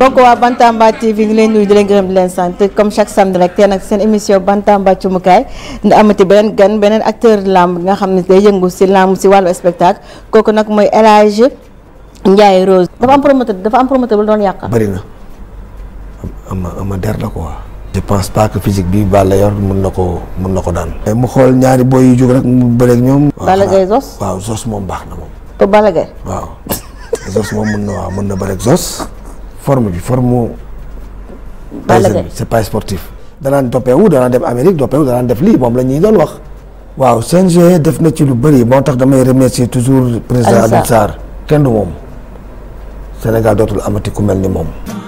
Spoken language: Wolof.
mbokk waa Bantamba TV ñu leen nuyu di leen gërëm di leen sant comme chaque samedi rek tey nag seen émission Bantamba Cumukaay nda amati beneen gan beneen acteur làmb nga xam ne day yëngu si làmb si wàllu spectacle kooku nag mooy El Hadj Ndiaye Rose. dafa am promoteur dafa am promoteur bu doon yàq. bëri na am ama der la ko je pense pas que physique bi Balla yor mun na ko mun na ko daan. mu xool ñaari boy yu jóg rek mu bëreeg ñoom. Balla Gaye Zos waaw Zos moom baax na moom. ba Balla Gaye waaw Zos mën na waaw mën na forme bi forme. bàll c'est pas sportif. danaan doppewu danaan dem Amérique doppewu danaan def lii moom la ñuy doon wax. waaw CNG def na ci lu bëri moo tax damay remercier toujours président Alioune Sarr kenn du moom Sénégal dootul amati ku mel ni moom.